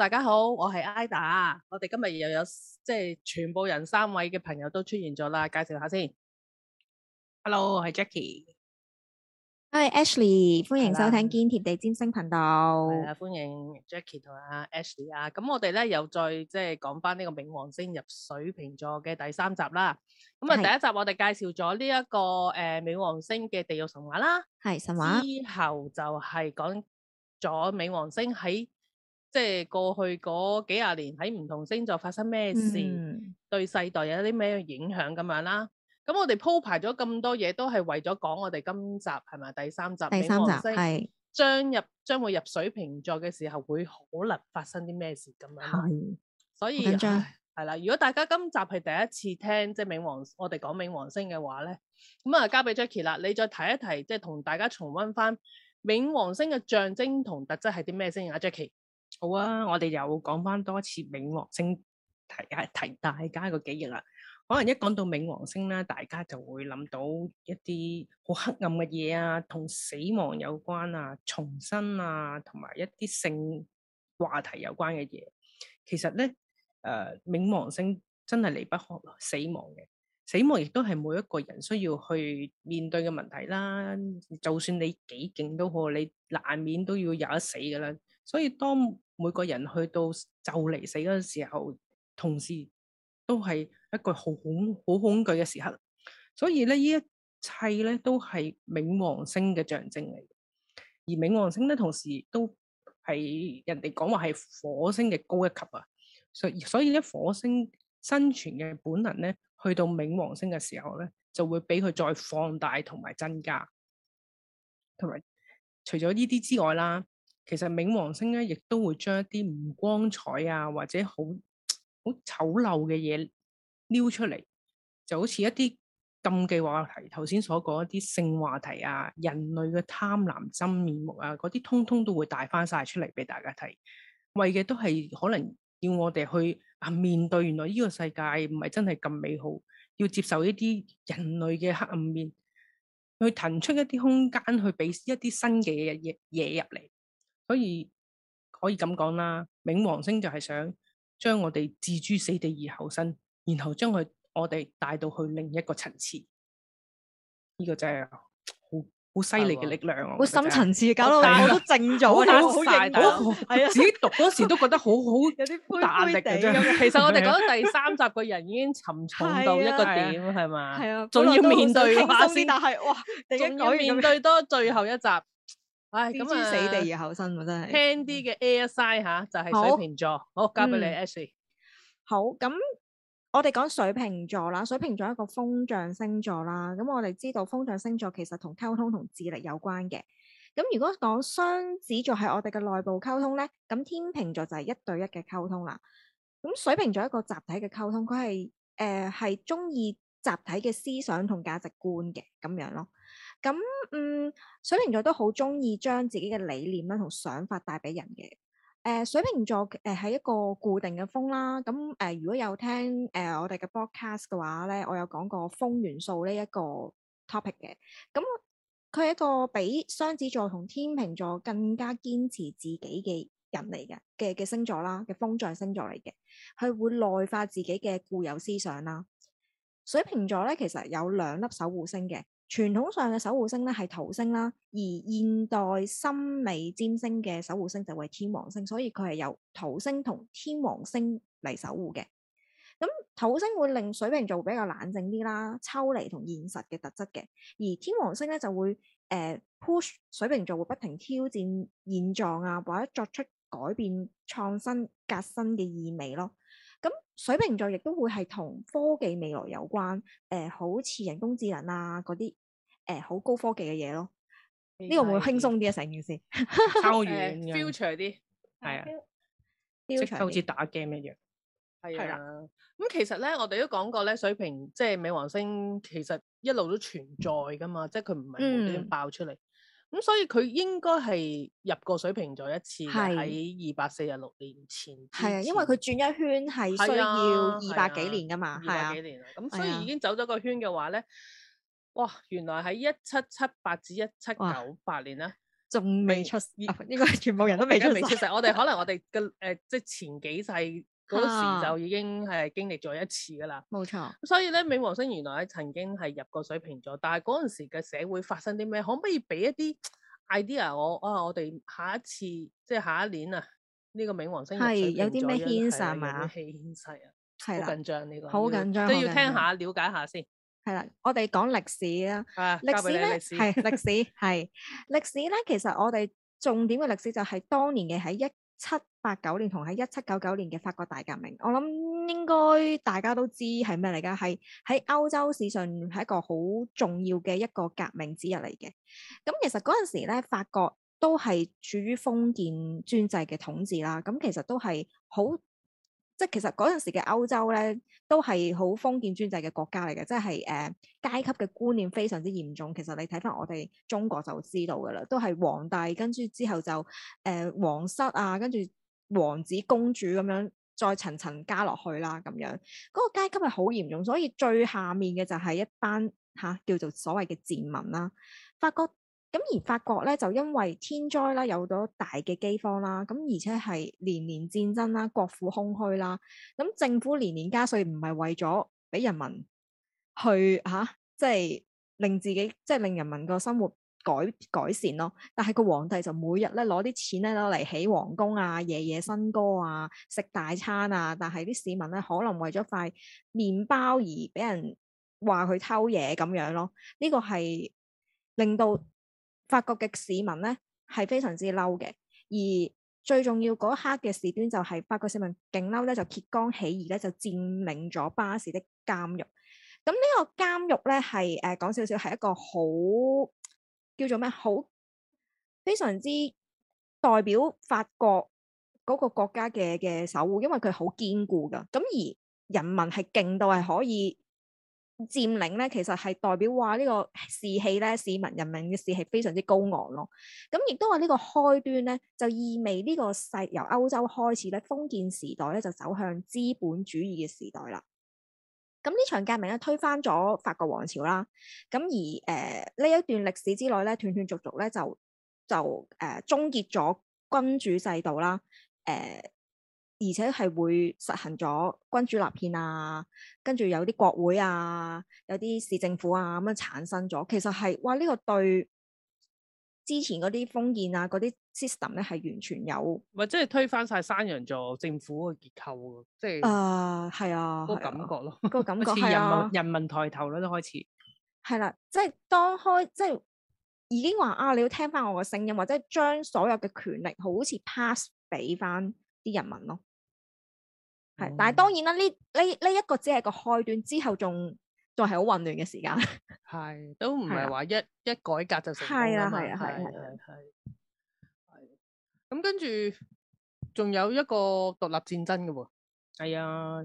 大家好，我係 Ida，我哋今日又有即係全部人三位嘅朋友都出現咗啦，介紹下先。Hello，我係 Jackie，Hi、hey, Ashley，歡迎收聽堅貼地占星頻道。係啊，歡迎 Jackie 同阿 Ashley 啊。咁我哋咧又再即係講翻呢個冥王星入水瓶座嘅第三集啦。咁啊，第一集我哋介紹咗呢一個誒冥的、呃、王星嘅地獄神話啦，係神話之後就係講咗冥王星喺，即係過去嗰幾廿年喺唔同星座發生咩事，嗯、對世代有啲咩影響咁樣啦。咁、嗯、我哋鋪排咗咁多嘢，都係為咗講我哋今集係咪第三集，第三集冥王星係將入是將會入水瓶座嘅時候，會可能發生啲咩事咁樣。係是，所以係啦。如果大家今集係第一次聽即係、就是、冥王，我哋講冥王星嘅話咧，咁啊交俾 Jackie 啦，你再提一提，即係同大家重溫翻冥王星嘅象徵同特質係啲咩先啊，Jackie。好啊，我哋又講翻多次冥王星，提一提大家個記憶啦。可能一講到冥王星咧，大家就會諗到一啲好黑暗嘅嘢啊，同死亡有關啊，重生啊，同埋一啲性話題有關嘅嘢。其實咧，誒、呃，冥王星真係離不開死亡嘅，死亡亦都係每一個人需要去面對嘅問題啦、啊。就算你幾勁都好，你難免都要有一死噶啦。所以，當每個人去到就嚟死嗰陣時候，同時都係一個好恐、好恐懼嘅時刻。所以咧，呢一切咧都係冥王星嘅象徵嚟。而冥王星咧，同時都係人哋講話係火星嘅高一級啊。所以，所以咧，火星生存嘅本能咧，去到冥王星嘅時候咧，就會畀佢再放大同埋增加。同埋，除咗呢啲之外啦。其實冥王星咧、啊，亦都會將一啲唔光彩啊，或者好好醜陋嘅嘢撩出嚟，就好似一啲禁忌話題，頭先所講一啲性話題啊，人類嘅貪婪真面目啊，嗰啲通通都會帶翻晒出嚟俾大家睇，為嘅都係可能要我哋去啊面對原來呢個世界唔係真係咁美好，要接受一啲人類嘅黑暗面，去騰出一啲空間去俾一啲新嘅嘢入嚟。所以可以咁講啦，冥王星就係想將我哋置諸死地而後生，然後將佢我哋帶到去另一個層次。呢個真係好好犀利嘅力量，啊！好深層次嘅交流，我都靜咗，好大係啊，自己讀嗰時都覺得好好有啲壓力。其實我哋講第三集嘅人已經沉重到一個點，係嘛？係啊，仲要面對先，但係哇，仲要面對多最後一集。唉，死地而後生啊！真係輕啲嘅 Air Sign 吓，就係水瓶座。好，交俾你 Ashley。好，咁我哋講水瓶座啦。水瓶座一個風象星座啦。咁我哋知道風象星座其實同溝通同智力有關嘅。咁如果講雙子座係我哋嘅內部溝通咧，咁天秤座就係一對一嘅溝通啦。咁水瓶座一個集體嘅溝通，佢係誒係中意集體嘅思想同價值觀嘅咁樣咯。咁嗯，水瓶座都好中意將自己嘅理念啦，同想法帶俾人嘅。誒、呃，水瓶座誒係、呃、一個固定嘅風啦。咁、啊、誒、呃，如果有聽誒、呃、我哋嘅 broadcast 嘅話咧，我有講過風元素呢一個 topic 嘅。咁佢係一個比雙子座同天秤座更加堅持自己嘅人嚟嘅嘅嘅星座啦，嘅、啊、風象星座嚟嘅，佢會內化自己嘅固有思想啦、啊。水瓶座咧其實有兩粒守護星嘅。傳統上嘅守護星咧係土星啦，而現代心理占星嘅守護星就會係天王星，所以佢係由土星同天王星嚟守護嘅。咁土星會令水瓶座比較冷靜啲啦，抽離同現實嘅特質嘅，而天王星咧就會誒、呃、push 水瓶座會不停挑戰現狀啊，或者作出改變、創新、革新嘅意味咯。咁水瓶座亦都會係同科技未來有關，誒、呃，好似人工智能啊嗰啲，誒、好、呃、高科技嘅嘢咯。呢的個會唔會輕鬆啲啊？成件事，超遠 f u t u r e 啲。係啊的，即係好似打 game 一樣。係啦，咁其實咧，我哋都講過咧，水瓶即係、就是、冥王星，其實一路都存在噶嘛，即係佢唔係冇點爆出嚟。嗯咁、嗯、所以佢應該係入過水瓶座一次，喺二百四十六年前，前。係啊，因為佢轉一圈係需要二百幾年㗎嘛。係啊，二百幾年啊，咁所以已經走咗個圈嘅話咧，啊、哇！原來喺一七七八至一七九八年咧，仲未出世、啊，應該全部人都未出世。我哋 可能我哋嘅誒，即係前幾世。嗰時就已經係經歷咗一次噶啦，冇錯。所以咧，冥王星原來曾經係入過水瓶座，但係嗰陣時嘅社會發生啲咩？可唔可以俾一啲 idea？我啊，我哋下一次即係下一年啊，呢個冥王星入水瓶座咧，有啲咩牽涉係嘛？好的的緊張呢個，好緊張，都要，要聽下了解下先。係啦，我哋講歷史啊。歷史咧係歷史係歷史咧，其實我哋重點嘅歷史就係當年嘅喺一。七八九年同喺一七九九年嘅法國大革命，我諗應該大家都知係咩嚟噶，係喺歐洲史上係一個好重要嘅一個革命之一嚟嘅。咁其實嗰陣時咧，法國都係處於封建專制嘅統治啦，咁其實都係好。即係其實嗰陣時嘅歐洲咧，都係好封建專制嘅國家嚟嘅，即係誒、呃、階級嘅觀念非常之嚴重。其實你睇翻我哋中國就知道噶啦，都係皇帝跟住之後就誒、呃、皇室啊，跟住王子公主咁樣再層層加落去啦咁樣。嗰、那個階級係好嚴重，所以最下面嘅就係一班嚇叫做所謂嘅賤民啦、啊，發覺。咁而法國咧就因為天災啦，有咗大嘅饑荒啦，咁而且係年年戰爭啦，國庫空虛啦，咁政府年年加稅，唔係為咗俾人民去吓，即係令自己即係令人民個生活改改善咯。但係個皇帝就每日咧攞啲錢咧攞嚟起皇宮啊，夜夜笙歌啊，食大餐啊。但係啲市民咧可能為咗塊麵包而俾人話佢偷嘢咁樣咯。呢個係令到。法國嘅市民咧係非常之嬲嘅，而最重要嗰一刻嘅事端就係、是、法國市民勁嬲咧，就揭竿起義咧，就佔領咗巴士的監獄。咁呢個監獄咧係誒講少少係一個好叫做咩好非常之代表法國嗰個國家嘅嘅守護，因為佢好堅固㗎。咁而人民係勁到係可以。佔領咧，其實係代表話呢、呢個士氣咧，市民人民嘅士氣非常之高昂咯。咁、嗯、亦都話呢個開端咧，就意味呢個世由歐洲開始咧，封建時代咧就走向資本主義嘅時代啦。咁、嗯、呢場革命咧，推翻咗法國王朝啦。咁、嗯、而誒呢、呃、一段歷史之內咧，斷斷續續咧就就誒終、呃、結咗君主制度啦。誒、呃。而且係會實行咗君主立憲啊，跟住有啲國會啊，有啲市政府啊咁樣產生咗。其實係哇，呢、這個對之前嗰啲封建啊、嗰啲 system 咧，係完全有，咪即係推翻晒山羊座政府嗰個結構、啊，即係。啊，係啊，啊啊個感覺咯，啊嗰個感覺係 人、啊、人民，人民抬頭啦，都開始。係啦、啊，即、就、係、是、當開，即、就、係、是、已經話啊，你要聽翻我嘅聲音，或者將所有嘅權力，好似 pass 俾翻啲人民咯。但係當然啦，呢呢呢一個只係個開端，之後仲仲係好混亂嘅時間。係，都唔係話一的一改革就成功啦嘛，係啊，係係咁跟住仲有一個獨立戰爭嘅喎、哦。係啊，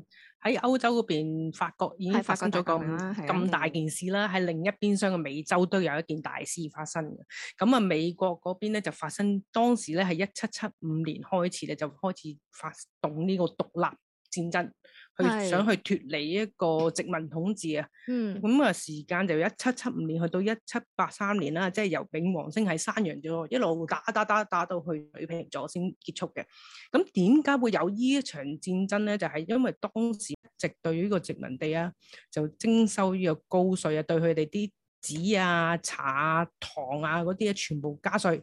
喺歐洲嗰邊法國已經發生咗個咁大件事啦。喺另一邊廂嘅美洲都有一件大事發生嘅。咁啊，美國嗰邊咧就發生當時咧係一七七五年開始咧就開始發動呢個獨立，戰爭去是想去脱離一個殖民統治啊，咁啊、嗯、時間就一七七五年去到一七八三年啦，即係由冥王星喺山羊座一路打打，打打打打到去水瓶座先結束嘅。咁點解會有呢一場戰爭咧？就係、是、因為當時直對呢個殖民地啊，就徵收呢個高稅啊，對佢哋啲紙啊、茶啊、糖啊嗰啲啊，全部加稅。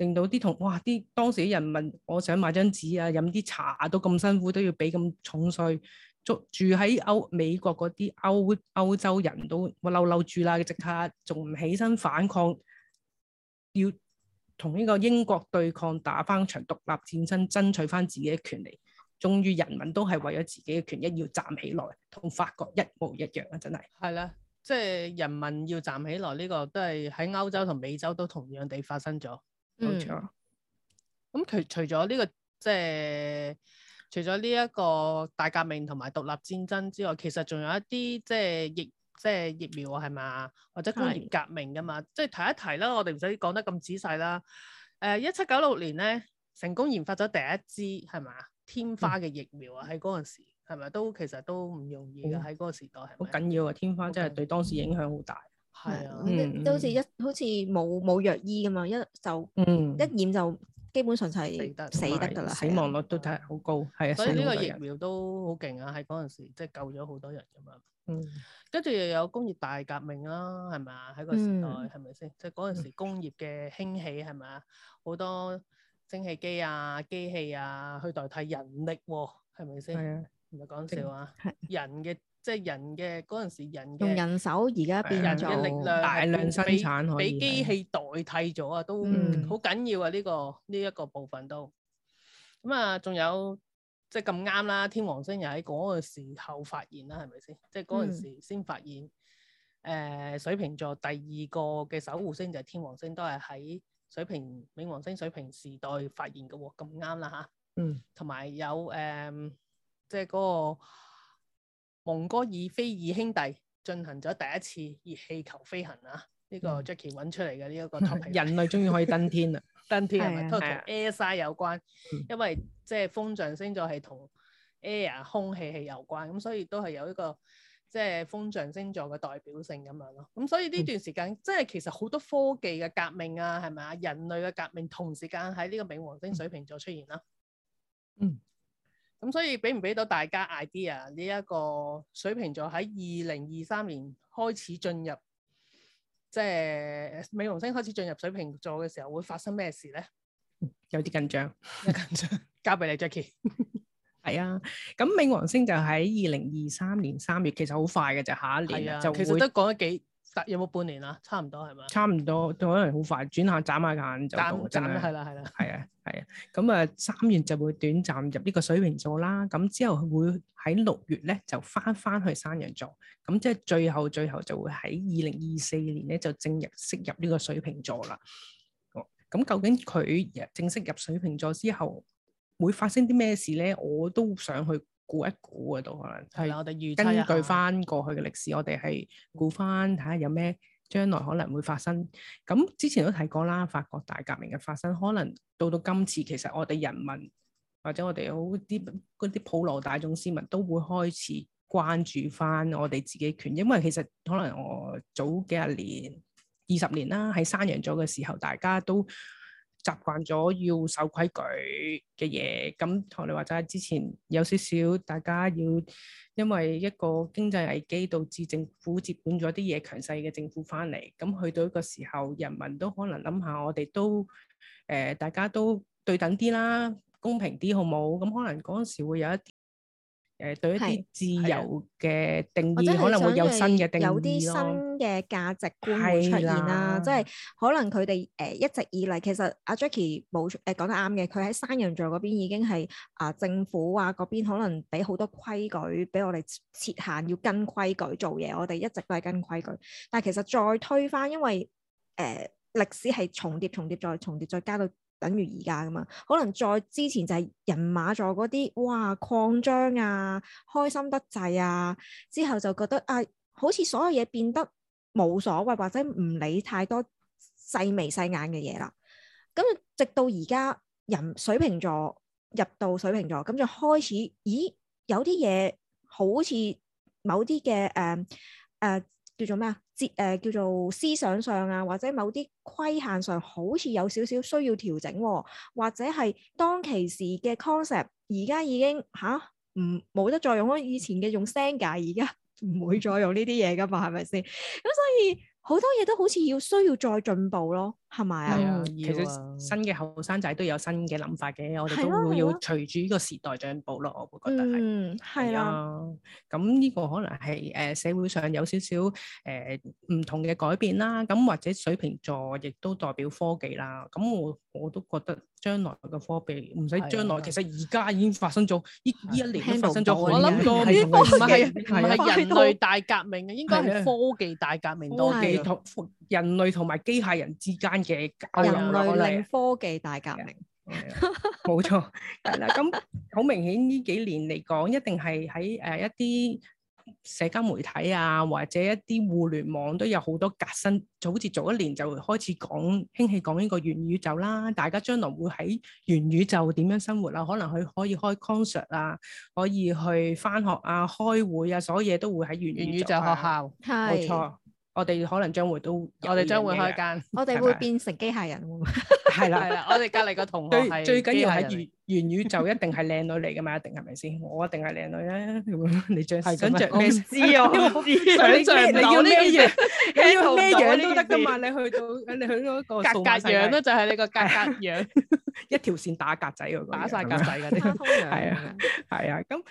令到啲同哇啲當時啲人民，我想買張紙啊，飲啲茶都咁辛苦，都要俾咁重稅。捉住喺歐美國嗰啲歐歐洲人都我嬲嬲住啦，即刻仲唔起身反抗，要同呢個英國對抗，打翻場獨立戰爭爭取翻自己嘅權利。終於人民都係為咗自己嘅權益要站起來，同法國一模一樣啊！真係，係啦，即、就、係、是、人民要站起來呢、這個都係喺歐洲同美洲都同樣地發生咗。冇錯，咁除除咗呢、這個即係、就是、除咗呢一個大革命同埋獨立戰爭之外，其實仲有一啲即係疫即係疫苗啊，係嘛？或者工業革命㗎嘛？的即係提一提啦，我哋唔使講得咁仔細啦。誒、呃，一七九六年咧，成功研發咗第一支係咪天花嘅疫苗啊，喺嗰陣時係咪、嗯、都其實都唔容易嘅喺嗰個時代，係好緊要啊！天花真係對當時影響好大。係啊，嗯、都好似一好似冇冇藥醫噶嘛，一就、嗯、一染就基本上就係死得㗎喇，有啊、死亡率都睇好高。係、嗯、啊，所以呢個疫苗都好勁啊，喺嗰陣時即係、就是、救咗好多人咁樣。嗯，跟住又有工業大革命啦，係咪啊？喺個時代係咪先？即係嗰陣時工業嘅興起係咪啊？好多蒸汽機啊、機器啊去代替人力喎，係咪先？係啊，唔係講笑啊。人嘅蒸。是即係人嘅嗰陣時人，人嘅人手而家變人嘅力量，大量生產可，可以俾機器代替咗啊！的都好緊要啊！呢、個呢一、個部分都咁啊，仲、嗯、有即係咁啱啦，天王星又喺嗰個時候發現是是啦，係咪先？即係嗰陣時先發現誒、呃、水瓶座第二個嘅守護星就係天王星，都係喺水瓶、冥王星、水瓶時代發現嘅喎，咁啱啦嚇、嗯呃嗰個。嗯，同埋有誒，即係嗰個。蒙哥爾菲二兄弟進行咗第一次熱氣球飛行啊！呢、嗯、個 Jackie 揾出嚟嘅呢一個 topic 人類終於可以登天啦！ 登天係咪同 air 有關？嗯、因為即係、就是、風象星座係同 air 空氣係有關，咁所以都係有一個即係、就是、風象星座嘅代表性咁樣咯。咁所以呢段時間即係、嗯、其實好多科技嘅革命啊，係咪啊？人類嘅革命同時間喺呢個冥王星水瓶座出現啦。嗯。咁所以俾唔俾到大家 idea 呢一個水瓶座喺二零二三年開始進入，即係冥王星開始進入水瓶座嘅時候會發生咩事咧？有啲緊張，緊張，交俾你 Jackie。係 啊，咁冥王星就喺二零二三年三月，其實好快嘅就下一年就會。啊，其實都講咗幾。有冇半年啊？差唔多係咪？差唔多，可能好快，轉下眨下眼就到，真係的。係啦了，係啦。係啊，係啊。咁啊，三月就會短暫入呢個水瓶座啦。咁之後佢會喺六月咧就翻翻去山羊座。咁即係最後最後就會喺二零二四年咧就正式入呢個水瓶座啦。咁究竟佢正式入水瓶座之後會發生啲咩事咧？我都想去。估一估啊，都可能係我哋根據翻過去嘅歷史， 我哋係估翻睇下看看有咩將來可能會發生。咁之前都提過啦，法國大革命嘅發生，可能到到今次，其實我哋人民或者我哋好啲啲普羅大眾市民都會開始關注翻我哋自己權益，因為其實可能我早幾十年、二十年啦，喺山羊咗嘅時候，大家都，習慣咗要守規矩嘅嘢，咁同你話齋係之前有少少大家要，因為一個經濟危機導致政府接管咗啲嘢，強勢嘅政府翻嚟，咁去到一個時候，人民都可能諗下，我哋都誒，大家都對等啲啦，公平啲好冇？咁可能嗰陣時會有一。誒、呃、對一啲自由嘅定義，的可能會有新嘅定義，有啲新嘅價值觀會出現啦。的即係可能佢哋誒一直以嚟，其實阿、啊、Jackie 冇誒講、呃、得啱嘅，佢喺山羊座嗰邊已經係啊、呃、政府啊嗰邊可能俾好多規矩，俾我哋設限，要跟規矩做嘢。我哋一直都係跟規矩，但係其實再推翻，因為誒歷、呃、史係重疊、重疊再重疊，再加到。等於而家噶嘛，可能再之前就係人馬座嗰啲，哇擴張啊，開心得滯啊，之後就覺得啊，好似所有嘢變得冇所謂，或者唔理太多細眉細眼嘅嘢啦。咁直到而家人水瓶座入到水瓶座，咁就開始，咦有啲嘢好似某啲嘅誒誒。呃呃叫做咩啊？哲誒、呃、叫做思想上啊，或者某啲規限上，好似有少少需要調整、哦，或者係當其時嘅 concept，而家已經吓，唔冇得再用咯。以前嘅用 sender 而家唔會再用呢啲嘢噶嘛，係咪先？咁所以好多嘢都好似要需要再進步咯。係咪啊？係啊，其實新嘅後生仔都有新嘅諗法嘅，我哋都會要隨住呢個時代進步咯。我會覺得係，係啊。咁呢個可能係誒社會上有少少誒唔同嘅改變啦。咁或者水瓶座亦都代表科技啦。咁我我都覺得將來嘅科技唔使將來，其實而家已經發生咗。呢，呢一年發生咗，我諗過呢個唔係，唔係人類大革命啊，應該係科技大革命多。人類同埋機械人之間嘅交流，人類科技大革命，冇 錯。咁好明顯，呢 幾年嚟講，一定係喺誒一啲社交媒體啊，或者一啲互聯網都有好多革新。就好似早一年就會開始講興起講呢個元宇宙啦，大家將來會喺元宇宙點樣生活啊？可能佢可以開 concert 啊，可以去翻學啊、開會啊，所有嘢都會喺元、啊、元宇宙學校，冇錯。我哋可能將會都，我哋將會開間，我哋會變成機械人喎。係啦，係啦，我哋隔離個同學係。最緊要係元元宇宙一定係靚女嚟㗎嘛，一定係咪先？我一定係靚女啊！你着，我唔知啊，我唔想象你要咩樣，你要咩樣都得㗎嘛。你去到，你去到一個格格樣啦，就係你個格格樣，一條線打格仔嗰個，打晒格仔㗎。係啊，係啊，咁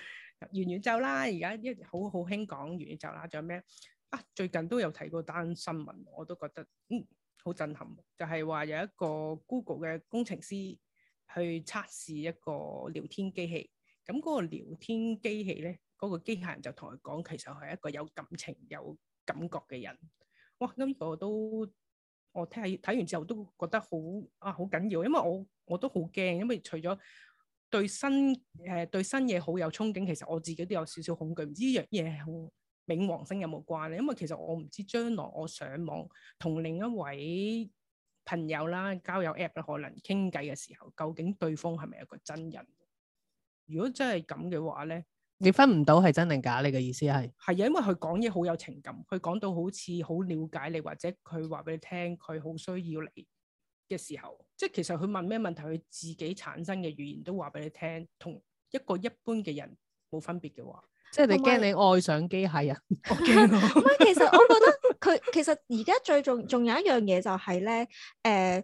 元宇宙啦，而家一好好興講元宇宙啦，仲有咩？啊，最近都有睇過單新聞，我都覺得嗯好震撼，就係話有一個 Google 嘅工程師去測試一個聊天機器，咁嗰個聊天機器咧，嗰個機械人就同佢講，其實係一個有感情、有感覺嘅人。哇！咁我都我聽下睇完之後都覺得好啊好緊要，因為我我都好驚，因為除咗對新誒對新嘢好有憧憬，其實我自己都有少少恐懼，唔知樣嘢恐。冥王星有冇關咧？因為其實我唔知將來我上網同另一位朋友啦，交友 app 啦，可能傾偈嘅時候，究竟對方係咪一個真人？如果真係咁嘅話咧，你分唔到係真定假？你嘅意思係？係啊，因為佢講嘢好有情感，佢講到好似好了解你，或者佢話俾你聽佢好需要你嘅時候，即係其實佢問咩問題，佢自己產生嘅語言都話俾你聽，同一個一般嘅人冇分別嘅話。即係你驚你愛上機械人？唔係，其實我覺得佢其實而家最重仲有一樣嘢就係咧，誒、呃，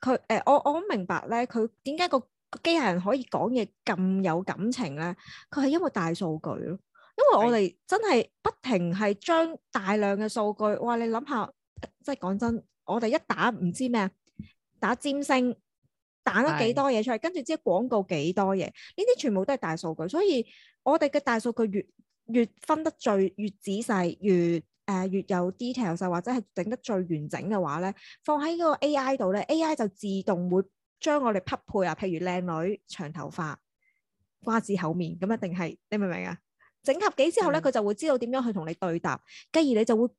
佢誒、呃，我我好明白咧，佢點解個機械人可以講嘢咁有感情咧？佢係因為大數據咯，因為我哋真係不停係將大量嘅數據，哇！你諗下，即係講真，真，我哋一打唔知咩，打占星，打咗幾多嘢出嚟，的跟住即係廣告幾多嘢，呢啲全部都係大數據，所以。我哋嘅大數據越越分得最越仔細，越誒、呃、越有 detail，就或者係整得最完整嘅話咧，放喺個 AI 度咧，AI 就自動會將我哋匹配啊。譬如靚女、長頭髮、瓜子口面咁，一定係你明唔明啊？整合幾之後咧，佢就會知道點樣去同你對答，繼而、嗯、你就會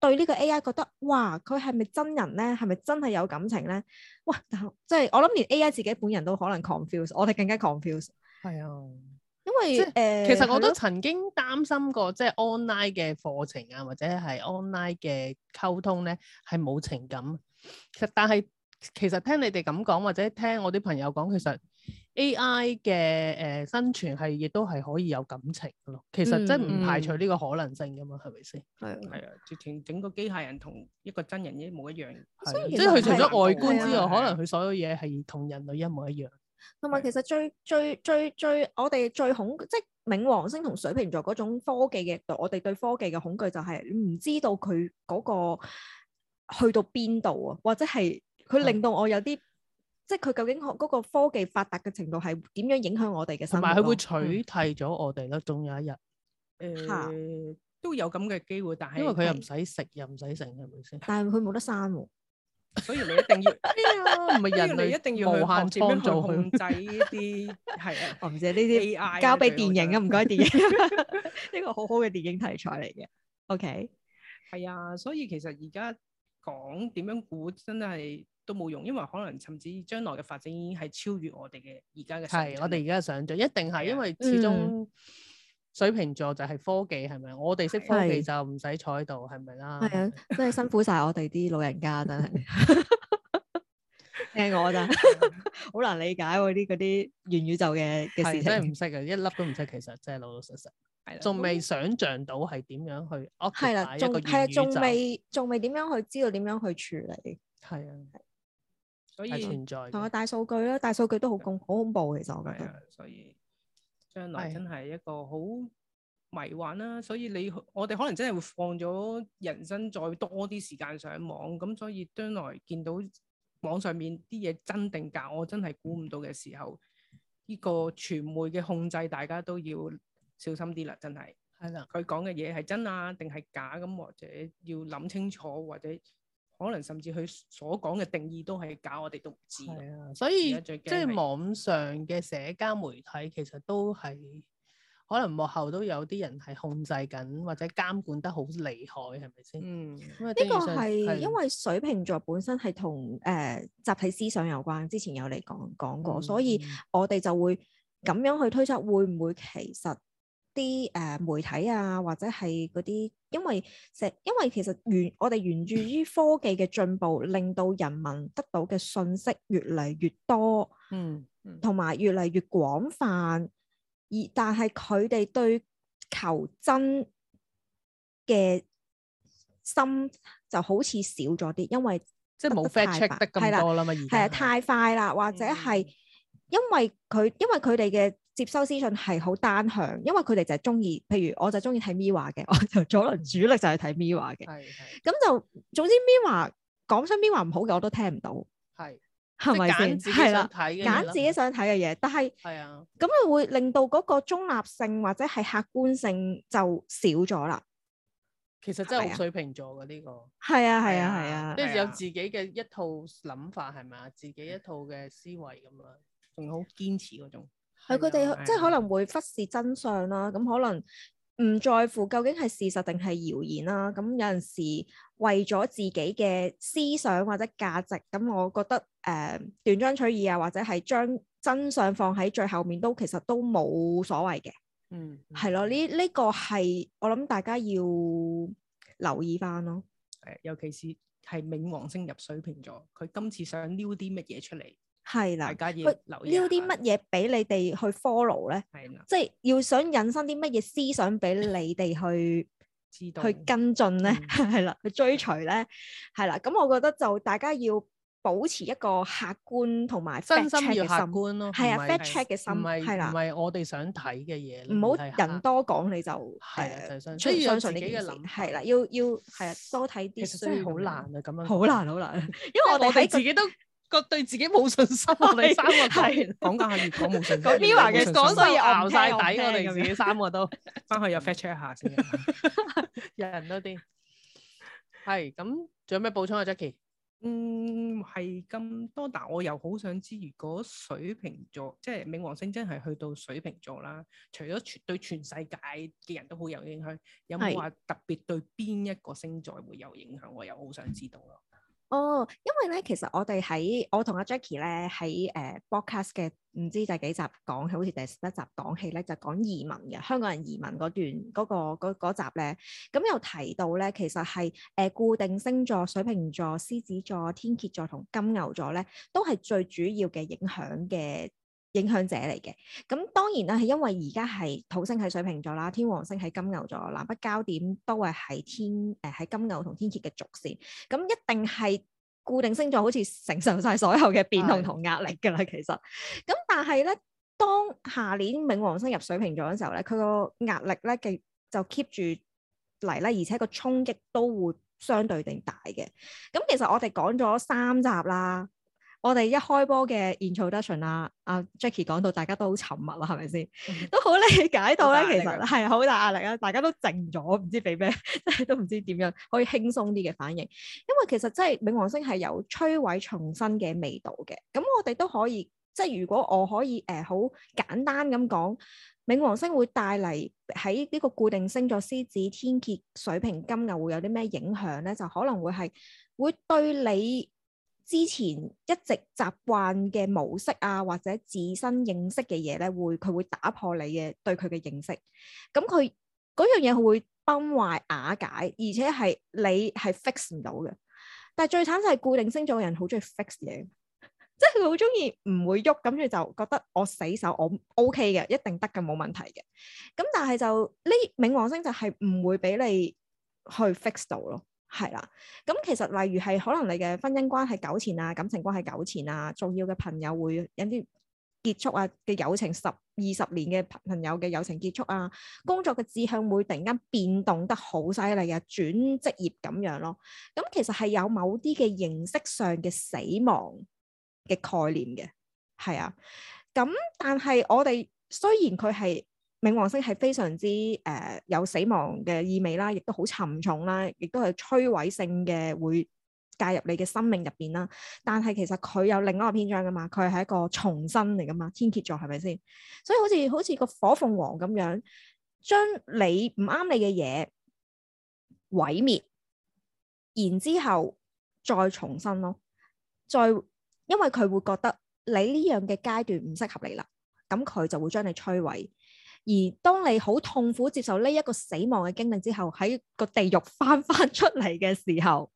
對呢個 AI 覺得哇，佢係咪真人咧？係咪真係有感情咧？哇！即、就、係、是、我諗，連 AI 自己本人都可能 confuse，我哋更加 confuse。係啊、哎。因為即、呃、其實我都曾經擔心過，咯即係 online 嘅課程啊，或者係 online 嘅溝通咧，係冇情感。其實，但係其實聽你哋咁講，或者聽我啲朋友講，其實 AI 嘅誒、呃、生存係亦都係可以有感情咯。其實真唔排除呢個可能性㗎嘛？係咪先？係係啊，直情整個機械人同一個真人一模一樣，即係佢除咗外觀之外，可能佢所有嘢係同人類一模一樣。同埋其實最最最最我哋最恐，即係冥王星同水瓶座嗰種科技嘅，我哋對科技嘅恐懼就係唔知道佢嗰個去到邊度啊，或者係佢令到我有啲、嗯、即係佢究竟嗰個科技發達嘅程度係點樣影響我哋嘅生活？同埋佢會取替咗我哋咯。總、嗯、有一日誒、呃、哈都有咁嘅機會，但係因為佢又唔使食又唔使成，係咪先？但係佢冇得生喎、啊。 所以你一定要咩啊？唔係人類一定要無限幫助做控制呢啲係啊，控制呢啲 AI 交俾電影啊，唔該 電影。呢 個好好嘅電影題材嚟嘅。OK，係啊，所以其實而家講點樣估，真係都冇用，因為可能甚至將來嘅發展已經係超越我哋嘅而家嘅。係我哋而家想象，一定係，啊、因為始終、嗯。水瓶座就係科技係咪？我哋識科技就唔使坐喺度，係咪啦？係啊，真係辛苦晒我哋啲老人家，真係。聽我咋？好難理解嗰啲嗰啲元宇宙嘅嘅事情。真係唔識啊，一粒都唔識。其實真係老老實實。係。仲未想象到係點樣去？係啦，一個元仲未，仲未點樣去知道點樣去處理？係啊。所以同埋大數據啦，大數據都好恐，好恐怖。其實我覺得。所以。將來真係一個好迷幻啦，所以你我哋可能真係會放咗人生再多啲時間上網，咁所以將來見到網上面啲嘢真定假，我真係估唔到嘅時候，呢個傳媒嘅控制大家都要小心啲啦，真係。係啦。佢講嘅嘢係真啊，定係假咁，或者要諗清楚，或者。可能甚至佢所講嘅定義都係搞我哋都唔知嘅、啊，所以即係網上嘅社交媒體其實都係可能幕後都有啲人係控制緊或者監管得好厲害，係咪先？嗯，呢個係因為水瓶座本身係同誒集體思想有關。之前有嚟講講過，嗯、所以我哋就會咁樣去推測，會唔會其實？啲誒、呃、媒體啊，或者係嗰啲，因為石，因為其實 我源我哋源住於科技嘅進步，令到人民得到嘅信息越嚟越多，嗯，同、嗯、埋越嚟越廣泛，而但係佢哋對求真嘅心就好似少咗啲，因為即係冇 fact check 得咁多啦嘛，而係啊，太快啦，或者係因為佢因為佢哋嘅。接收資訊係好單向，因為佢哋就係中意，譬如我就中意睇 Mirror 嘅，我就左輪主力就係睇 Mirror 嘅。係係咁，就總之 Mirror 講身邊 Mirror 唔好嘅我都聽唔到。係係咪先係啦？揀自己想睇嘅嘢，但係係啊，咁啊會令到嗰個中立性或者係客觀性就少咗啦。其實真係好水瓶座嘅呢個。係啊係啊係啊，即係有自己嘅一套諗法係咪，自己一套嘅思維咁樣，仲好堅持嗰種。係佢哋即係可能會忽視真相啦，咁可能唔在乎究竟係事實定係謠言啦。咁有陣時為咗自己嘅思想或者價值，咁我覺得誒斷章取義啊，或者係將真相放喺最後面都，都其實都冇所謂嘅。嗯，嗯，係咯，呢呢個係我諗大家要留意翻咯。誒，尤其是係冥王星入水瓶座，佢今次想撩啲乜嘢出嚟？係啦，要撩啲乜嘢俾你哋去 follow 咧？係啦，即係要想引申啲乜嘢思想俾你哋去知道、去跟進咧？係啦，去追隨咧？係啦，咁我覺得就大家要保持一個客觀同埋，真心嘅客觀咯，係啊，fact check 嘅心，係啦，唔係我哋想睇嘅嘢，唔好人多講你就係啊，係相信自己嘅諗，係啦，要要係啊，多睇啲，其實真係好難啊，咁樣好難好難，因為我哋自己都。個對自己冇信心，我哋三個講講下，越講冇信心。Mia 嘅講，所以我淆晒底，我哋三個都翻去又 fetch 一下先，有人多啲。係咁，仲有咩補充啊？Jackie，嗯，係咁多，但我又好想知，如果水瓶座，即係冥王星，真係去到水瓶座啦，除咗全對全世界嘅人都好有影響，有冇話特別對邊一個星座會有影響？我又好想知道咯。哦，oh, 因為咧，其實我哋喺我同阿 Jacky 咧喺誒、uh, broadcast 嘅唔知第幾集講起，好似第十一集講起咧，就講、是、移民嘅香港人移民嗰段嗰、那個嗰、那個那個、集咧，咁、嗯、又提到咧，其實係誒、呃、固定星座水瓶座、獅子座、天蠍座同金牛座咧，都係最主要嘅影響嘅。影響者嚟嘅，咁當然啦，係因為而家係土星喺水瓶座啦，天王星喺金牛座，南北交點都係喺天誒喺、呃、金牛同天蠍嘅軸線，咁一定係固定星座好似承受晒所有嘅變動同壓力㗎啦。的其實，咁但係咧，當下年冥王星入水瓶座嘅時候咧，佢個壓力咧嘅就 keep 住嚟咧，而且個衝擊都會相對定大嘅。咁其實我哋講咗三集啦。我哋一開波嘅 introduction 啊，阿 Jackie 講到大家都好沉默啦，係咪先？嗯、都好理解到咧，其實係好大壓力啊！大家都靜咗，唔知俾咩，真 係都唔知點樣可以輕鬆啲嘅反應。因為其實真係冥王星係有摧毀重生嘅味道嘅。咁我哋都可以，即係如果我可以誒，好簡單咁講，冥王星會帶嚟喺呢個固定星座獅子、天蠍、水瓶、金牛，會有啲咩影響咧？就可能會係會對你，之前一直習慣嘅模式啊，或者自身認識嘅嘢咧，會佢會打破你嘅對佢嘅認識。咁佢嗰樣嘢佢會崩壞瓦解，而且係你係 fix 唔到嘅。但係最慘就係固定星座嘅人好中意 fix 嘢，即係佢好中意唔會喐，咁跟住就覺得我死守我 OK 嘅，一定得嘅，冇問題嘅。咁但係就呢，冥王星就係唔會俾你去 fix 到咯。係啦，咁其實例如係可能你嘅婚姻關係糾纏啊，感情關係糾纏啊，重要嘅朋友會有啲結束啊嘅友情，十二十年嘅朋友嘅友情結束啊，工作嘅志向會突然間變動得好犀利啊，轉職業咁樣咯。咁其實係有某啲嘅形式上嘅死亡嘅概念嘅，係啊。咁但係我哋雖然佢係。冥王星係非常之誒、呃、有死亡嘅意味啦，亦都好沉重啦，亦都係摧毀性嘅，會介入你嘅生命入邊啦。但係其實佢有另外一個篇章噶嘛，佢係一個重生嚟噶嘛，天蠍座係咪先？所以好似好似個火鳳凰咁樣，將你唔啱你嘅嘢毀滅，然之後再重生咯。再因為佢會覺得你呢樣嘅階段唔適合你啦，咁佢就會將你摧毀。而當你好痛苦接受呢一個死亡嘅經歷之後，喺個地獄翻翻出嚟嘅時候，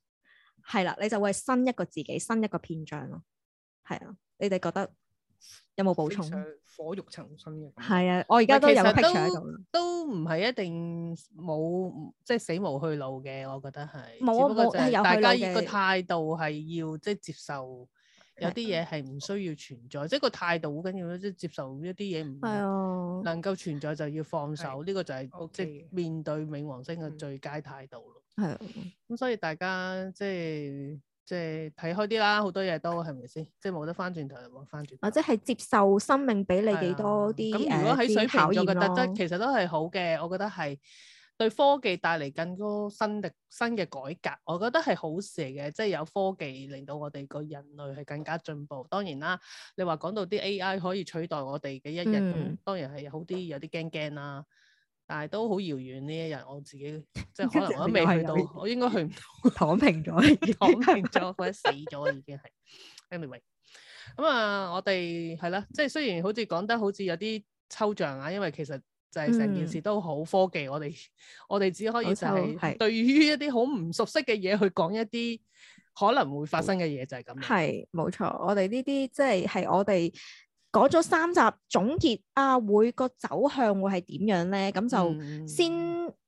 係啦，你就會新一個自己，新一個篇章咯。係啊，你哋覺得有冇補充？火燭重生嘅。係啊，我而家都有 picture 喺度。都唔係一定冇，即係死無去路嘅，我覺得係。冇啊有。大家個態度係要即係接受。有啲嘢係唔需要存在，即係個態度好緊要咯，即係接受一啲嘢唔能夠存在就要放手，呢的個就係 Okay. 即係面對冥王星嘅最佳態度咯。係啊的，咁所以大家即係即係睇開啲啦，好多嘢都係咪先？即係冇得翻轉頭，冇翻轉頭。或者係接受生命俾你幾多啲咁的些如果喺水瓶驗，我覺得其實都係好嘅，我覺得係。對科技帶嚟更多新嘅新嘅改革，我覺得係好事嚟嘅，即係有科技令到我哋個人類係更加進步。當然啦，你話講到啲 AI 可以取代我哋嘅一日，嗯、當然係好啲，有啲驚驚啦。但係都好遙遠呢一日，我自己即係可能我都未去到，我應該去唔到。躺平咗， 躺平咗了， 或者死咗已經係。Anyway，咁啊，我哋係啦，即係雖然好似講得好似有啲抽象啊，因為其實。就係成件事都好科技，嗯、我哋我哋只可以就係對於一啲好唔熟悉嘅嘢，去講一啲可能會發生嘅嘢，嗯、就係咁。係冇錯，我哋呢啲即係係我哋講咗三集總結啊，會個走向會係點樣咧？咁就先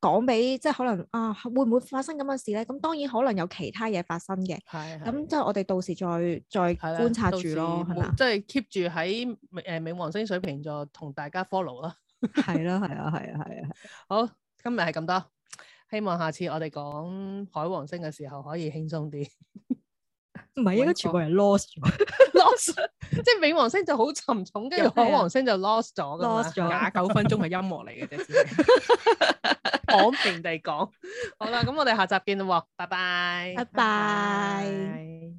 講俾，嗯、即係可能啊，會唔會發生咁嘅事咧？咁當然可能有其他嘢發生嘅。咁即係我哋到時再再觀察住咯，的即係 keep 住喺誒冥王星水瓶座同大家 follow 啦。係咯，係啊， 係啊，係啊，好，今日係咁多，希望下次我哋講海王星嘅時候可以輕鬆啲。唔係， 應該全部人 lost，lost，即係冥王星就好沉重，跟住海王星就 lost 咗，lost 咗，廿九 分鐘係音樂嚟嘅啫，講 平地講。好啦，咁我哋下集見啦，拜拜，拜拜。